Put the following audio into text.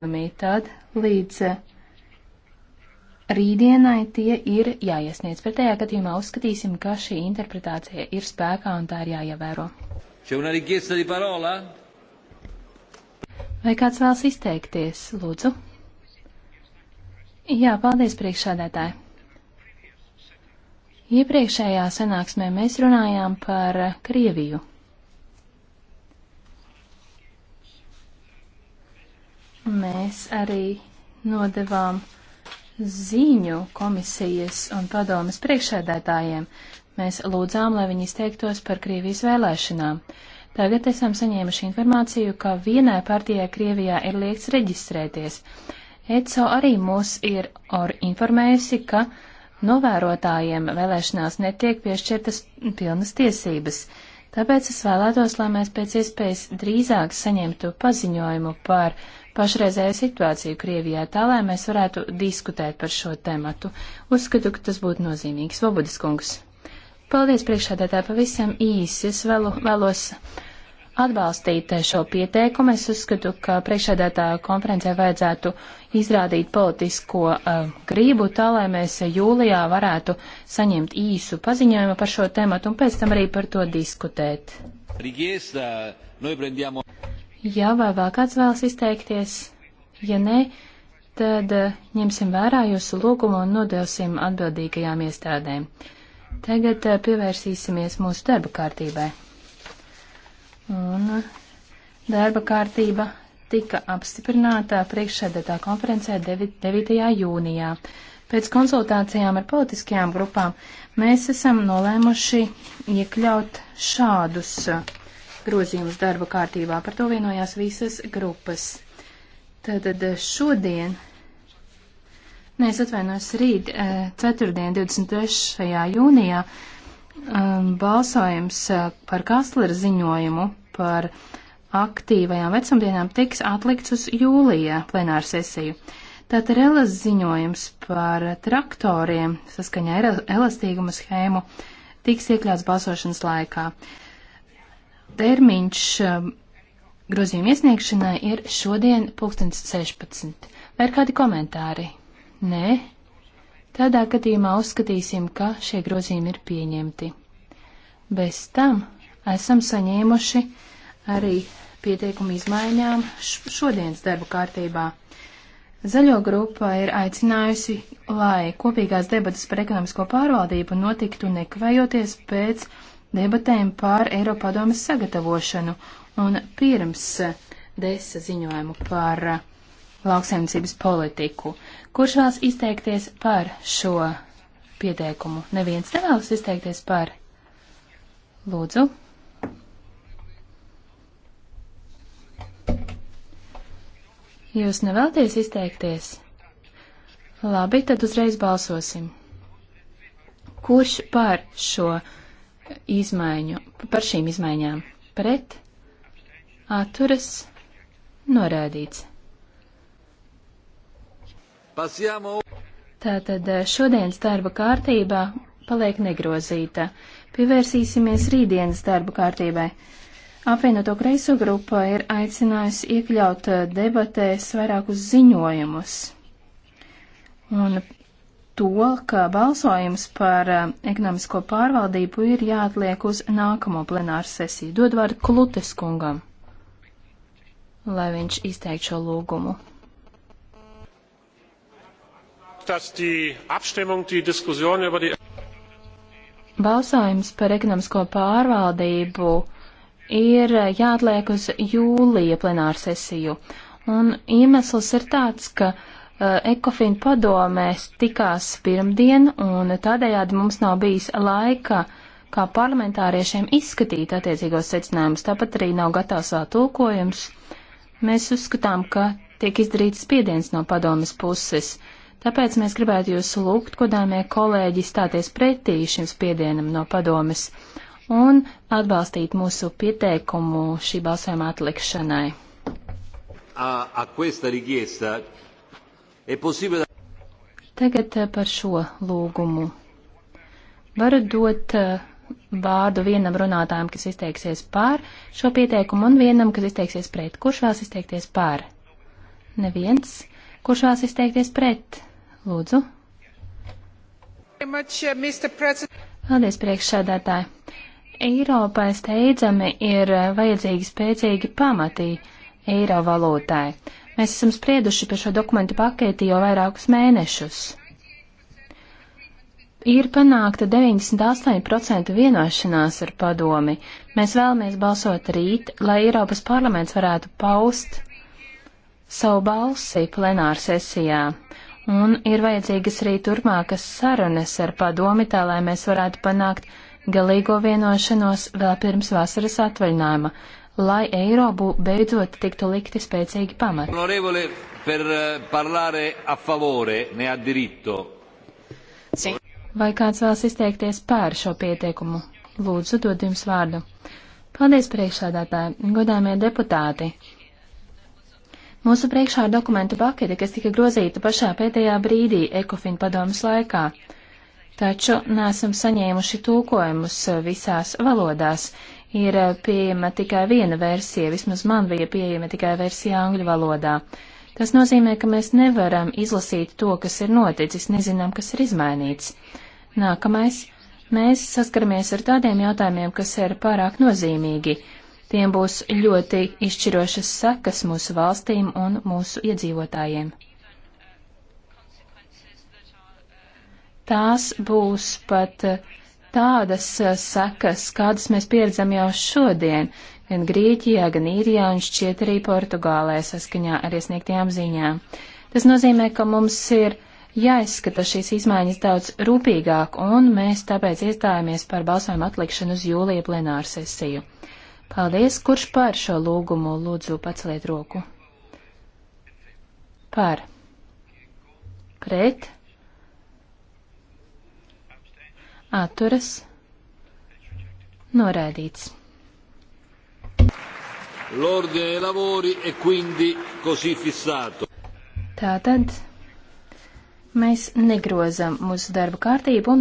Tad līdz eh, rītdienai tie ir jāiesniedz. Pretējā gadījumā uzskatīsim, ka šī interpretācija ir spēkā un tā ir jāievēro. Vai kāds vēlas izteikties, lūdzu? Jā, paldies priekšsādētāji. Iepriekšējā sanāksmē mēs runājām par Krieviju. mēs arī nodevām ziņu komisijas un padomas priekšsēdētājiem. Mēs lūdzām, lai viņi izteiktos par Krievijas vēlēšanām. Tagad esam saņēmuši informāciju, ka vienai partijai Krievijā ir liekts reģistrēties. ECO arī mūs ir informējusi, ka novērotājiem vēlēšanās netiek piešķirtas pilnas tiesības. Uh, Tāpēc es vēlētos, lai mēs pēc iespējas drīzāk saņemtu paziņojumu par pašreizēju situāciju Krievijā, tā lai mēs varētu diskutēt par šo tematu. Uzskatu, ka tas būtu nozīmīgs. Vobudis kungs. Paldies priekšādētā pavisam īsi. Es vēlu, vēlos atbalstīt šo pieteikumu. Es uzskatu, ka priekšēdētāja konferencē vajadzētu izrādīt politisko uh, grību tā, lai mēs jūlijā varētu saņemt īsu paziņojumu par šo tēmatu un pēc tam arī par to diskutēt. Jā, vai vēl kāds vēlas izteikties? Ja nē, tad uh, ņemsim vērā jūsu lūgumu un nodosim atbildīgajām iestādēm. Tagad uh, pievērsīsimies mūsu darba kārtībai. Un darba kārtība tika apstiprināta priekšsēdētā konferencē 9. jūnijā. Pēc konsultācijām ar politiskajām grupām mēs esam nolēmuši iekļaut šādus grozījumus darba kārtībā. Par to vienojās visas grupas. Tātad šodien, nē, es atvainojos rīt, eh, ceturtdien, 23. jūnijā, eh, balsojums eh, par Kastlera ziņojumu par aktīvajām vecumdienām tiks atlikts uz jūlijā plenāru sesiju. Tātad Elas ziņojums par traktoriem saskaņā ar elastīgumu schēmu tiks iekļauts balsošanas laikā. Termiņš um, grozījuma iesniegšanai ir šodien 2016. Vai ir kādi komentāri? Nē? Tādā gadījumā uzskatīsim, ka šie grozījumi ir pieņemti. Bez tam esam saņēmuši arī pieteikumu izmaiņām šodienas darba kārtībā. Zaļo grupa ir aicinājusi, lai kopīgās debatas par ekonomisko pārvaldību notiktu nekavējoties pēc debatēm pār Eiropadomas sagatavošanu un pirms desa ziņojumu par lauksaimniecības politiku. Kurš vēlas izteikties par šo pieteikumu? Neviens nevēlas izteikties par. Lūdzu. Jūs nevēlties izteikties? Labi, tad uzreiz balsosim. Kurš par šo izmaiņu, par šīm izmaiņām? Pret? Atturas? Norādīts. Tātad eh, šodienas darba kārtībā paliek negrozīta. Pievērsīsimies rītdienas darba kārtībai. Apvienoto kreiso grupa ir aicinājusi iekļaut eh, debatēs vairākus ziņojumus un to, ka balsojums par eh, ekonomisko pārvaldību ir jāatliek uz nākamo plenāru sesiju. Dod vārdu Klutes kungam, lai viņš izteikt šo lūgumu. Balsojums par ekonomisko pārvaldību ir eh, jāatliek uz jūlija plenāru sesiju. Un iemesls ir tāds, ka uh, Ekofin padomēs tikās pirmdien, un tādējādi mums nav bijis laika kā parlamentāriešiem izskatīt attiecīgos secinājumus. Tāpat arī nav gatavs vēl tulkojums. Mēs uzskatām, ka tiek izdarīts spiediens no padomas puses. Tāpēc mēs gribētu jūs lūgt, kodāmie kolēģi, stāties pretī šim spiedienam no padomas un atbalstīt mūsu pieteikumu šī balsojuma atlikšanai. A, a possible... Tagad eh, par šo lūgumu. Varu dot eh, vārdu vienam runātājam, kas izteiksies pār šo pieteikumu, un vienam, kas izteiksies pret. Kurš vēlas izteikties pār? Neviens. Kurš vēlas izteikties pret? Lūdzu. Uh, Paldies, priekšsēdētāji. Eiropai steidzami ir eh, vajadzīgi spēcīgi pamatī eiro valūtai. Mēs esam sprieduši par šo dokumentu paketi jau vairākus mēnešus. Ir panākta 98% vienošanās ar padomi. Mēs vēlamies balsot rīt, lai Eiropas parlaments varētu paust savu balsi plenāru sesijā. Un ir vajadzīgas arī turpmākas sarunas ar padomi, tā lai mēs varētu panākt galīgo vienošanos vēl pirms vasaras atvaļinājuma, lai Eirobu beidzot tiktu likti spēcīgi pamati. Honorevole, per eh, parlare a favore, ne a diritto. Sí. Vai kāds vēlas izteikties pār šo pieteikumu? Lūdzu, dod jums vārdu. Paldies, priekšsādātāji, godāmie deputāti. Mūsu priekšā ir dokumentu pakete, kas tika grozīta pašā pēdējā brīdī Ekofin padomas laikā taču nesam saņēmuši tūkojumus e, visās valodās. Ir e, pieejama tikai viena versija, vismaz man bija pieejama tikai versija angļu valodā. Tas nozīmē, ka mēs nevaram izlasīt to, kas ir noticis, nezinām, kas ir izmainīts. Nākamais. Mēs saskaramies ar tādiem jautājumiem, kas ir pārāk nozīmīgi. Tiem būs ļoti izšķirošas sekas mūsu valstīm un mūsu iedzīvotājiem. tās būs pat eh, tādas eh, sekas, kādas mēs pieredzam jau šodien, gan Grieķijā, gan Īrijā un šķiet arī Portugālē saskaņā ar iesniegtajām ziņām. Tas nozīmē, ka mums ir jāizskata šīs izmaiņas daudz rūpīgāk, un mēs tāpēc iestājāmies par balsojumu atlikšanu uz jūlija plenāru sesiju. Paldies, kurš par šo lūgumu lūdzu paceliet roku? Par. Pret. atturas, norēdīts. L'ordine dei lavori è quindi così fissato. Tātad mēs negrozam mūsu darba kārtību.